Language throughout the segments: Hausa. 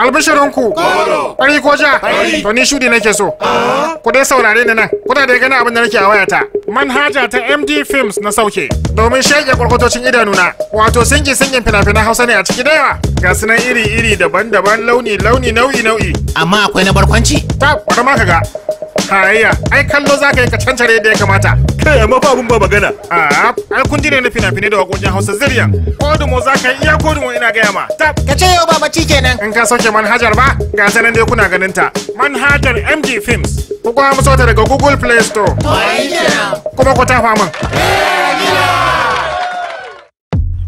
Albishirinku, ɓari ko ja, to ni shudi nake so. Ku dai saurare ni nan, kuna da gani abin da nake a wayata. Manhaja ta MD Films na sauke, domin shaƙe kwarkwatocin idanuna, wato sinki singin fina-finan Hausa ne a ciki da yawa. Ga su iri-iri daban-daban launi-launi nau'i-nau'i. Amma akwai na barkwanci? Ta, wata ka ga. Hayya, ai kallo za ka yi ka cancare da ya kamata. Kai amma fa abun ba magana. Ah, ai kun ji ne na fina-finai da wakokin Hausa zirya. Kodumo za ka yi iya kodumo ina gaya ma. Ta, ka ce yau ba mace kenan. In ka sauke manhajar ba, ga ta dai kuna ganin ta. Manhajar MG Films. Ku kuma musu ta daga Google Play Store. Kuma ku tafa min.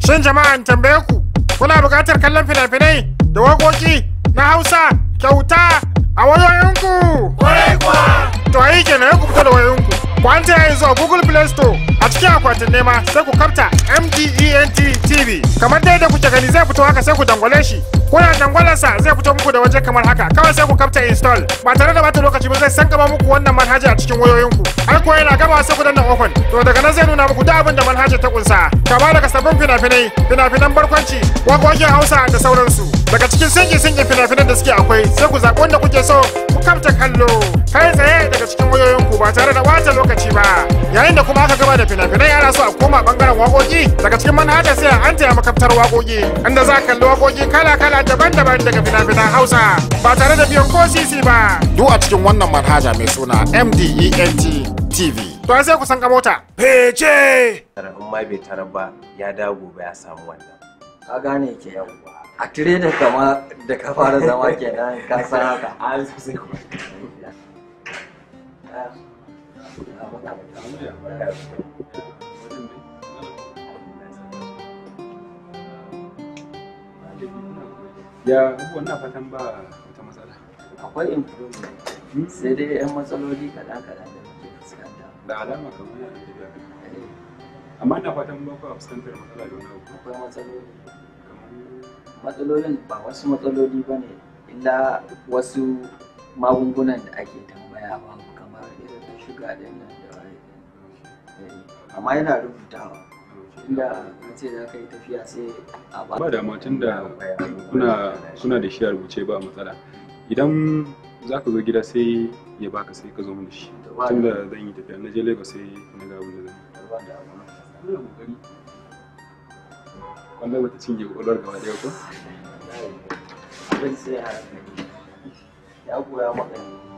Shin jama'a tambaye ku, kuna buƙatar kallon fina-finai da wakoki na Hausa kyauta A wayoyinku! To kenan ku fita da wayoyinku. Ku an ta yanzu a Google Play Store a cikin akwatin nema sai ku kafta MDENT TV. Kamar dai da kuke gani zai fito haka sai ku dangwale shi. Kuna sa zai fito muku da waje kamar haka kawai sai ku kafta install. Ba tare da bata lokaci ba zai san gaba muku wannan manhaja a cikin wayoyinku. Har kuwa yana gama sai ku danna open. To daga nan zai nuna muku duk abin da manhaja ta kunsa. Kama daga sabbin fina-finai, fina-finan barkwanci, waƙoƙin Hausa da sauransu. daga cikin singin-singin fina-finan da suke akwai sai ku zaɓi wanda kuke so ku kamta kallo kai tsaye daga cikin wayoyin ku ba tare da wata lokaci ba yayin da kuma aka gaba da fina-finai ana so a koma bangaren wakoki, daga cikin manhaja sai an taya makaftar waƙoƙi inda za a kalli waƙoƙi kala-kala daban-daban daga fina-finan hausa ba tare da biyan ko sisi ba duk a cikin wannan manhaja mai suna mdent tv to sai ku san ka mota. Fece! in ma bai tara ba ya dawo ba ya samu wannan. Ka gane ke ba. a tire da kama da ka fara zama kenan ka san haka a sai kuma ya wannan fatan ba wata matsala akwai improvement sai dai yan matsaloli kaɗan kaɗan da muke fuskanta da alama kamar yana da eh. amma ina fatan ba ku fuskantar matsala da wani abu akwai matsaloli kamar matsalolin ba wasu matsaloli ba ne illa wasu magungunan da ake tambaya ba kamar irin shuga da yana da waye eh, amma yana rubutawa inda mace za ka yi tafiya sai a ba ba da tunda kuna kuna da shi a rubuce ba matsala idan za ka zo gida sai ya baka sai ka zo mana shi tunda zan yi tafiya na je lagos sai na ga abin zan yi wannan bata cinye kwakwalwar gaba daya ko? Ya goya maka ne.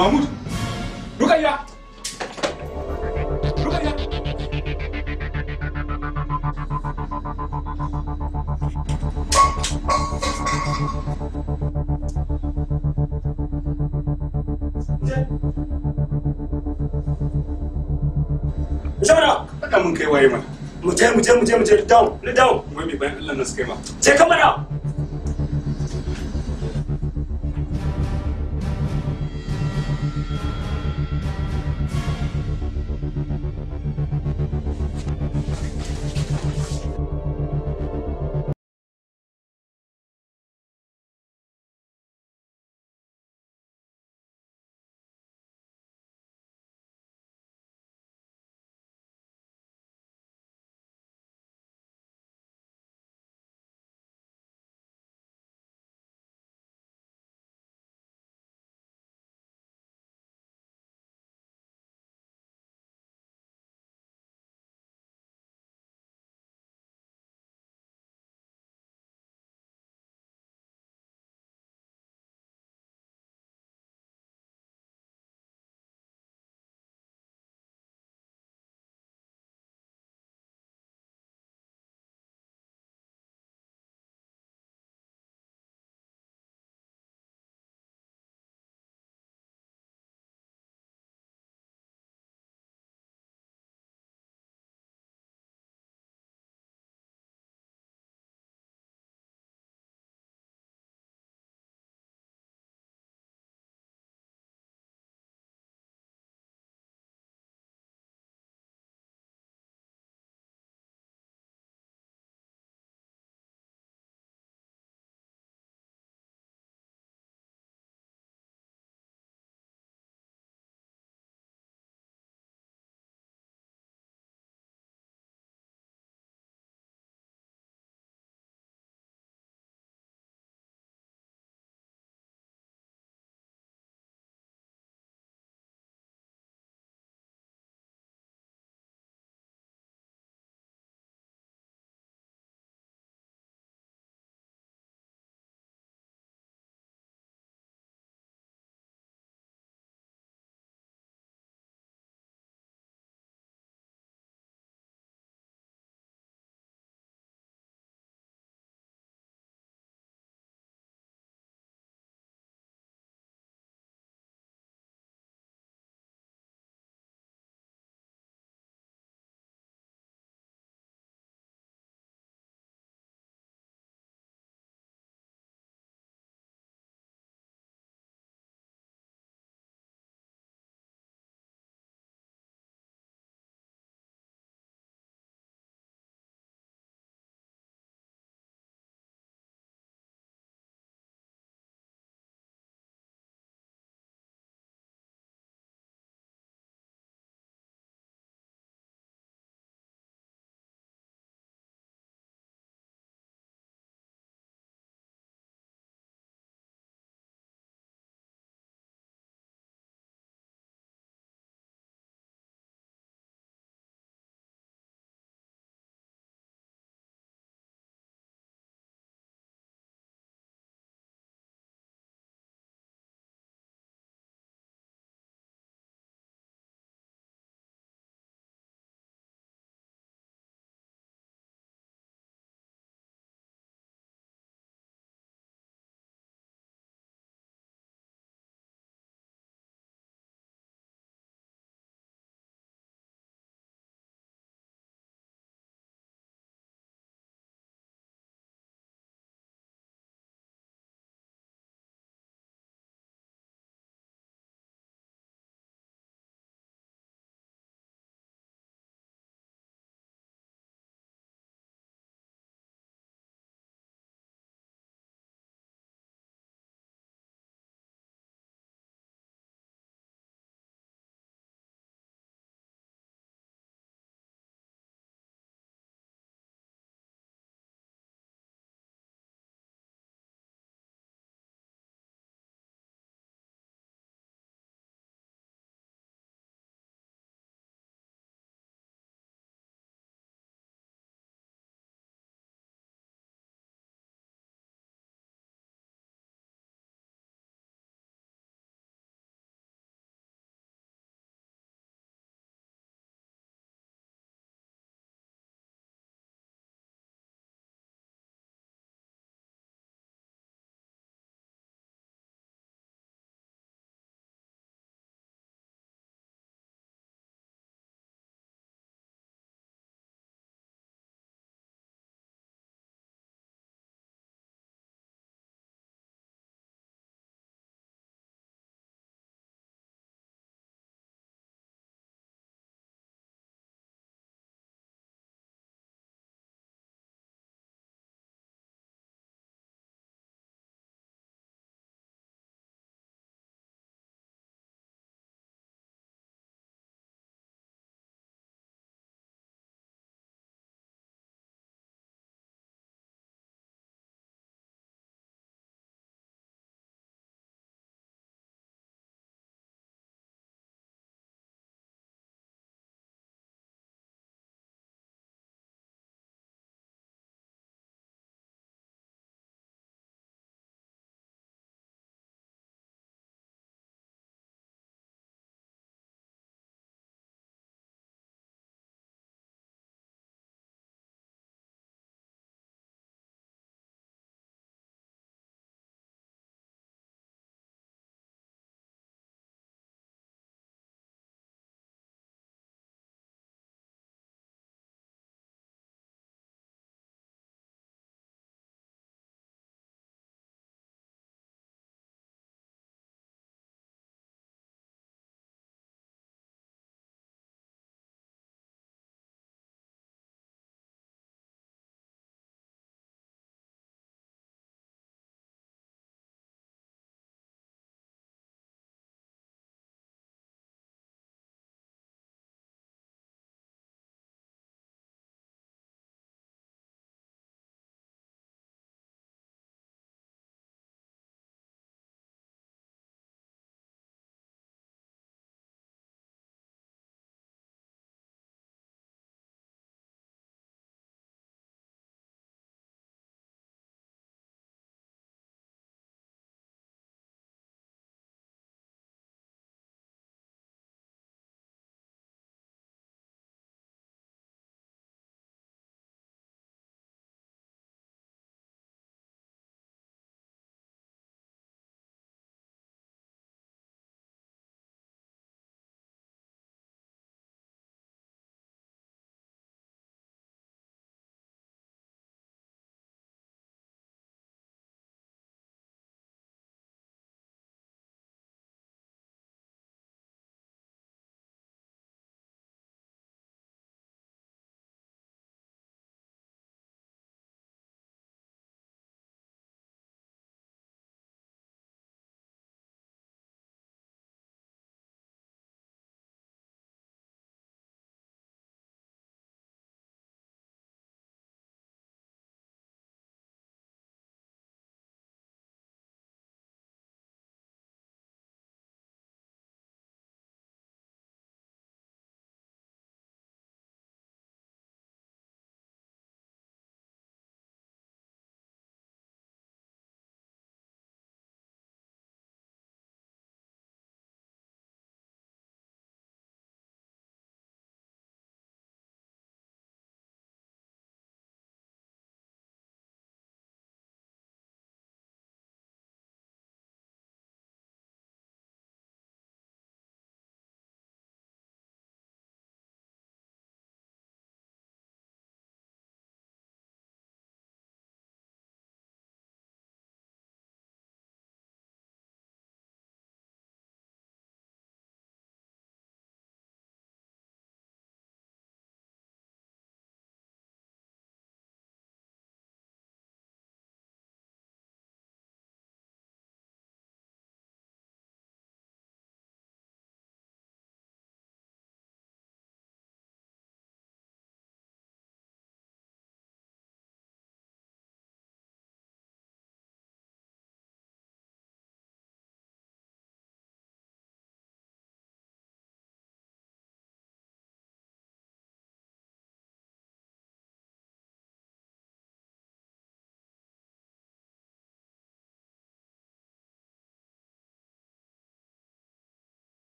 Mahmud, Rukaiya! Rukaiya! Zara, kada mun kai waye mana. Mu je mu je down, down. Wai mai bayan Allah na suka yi ma.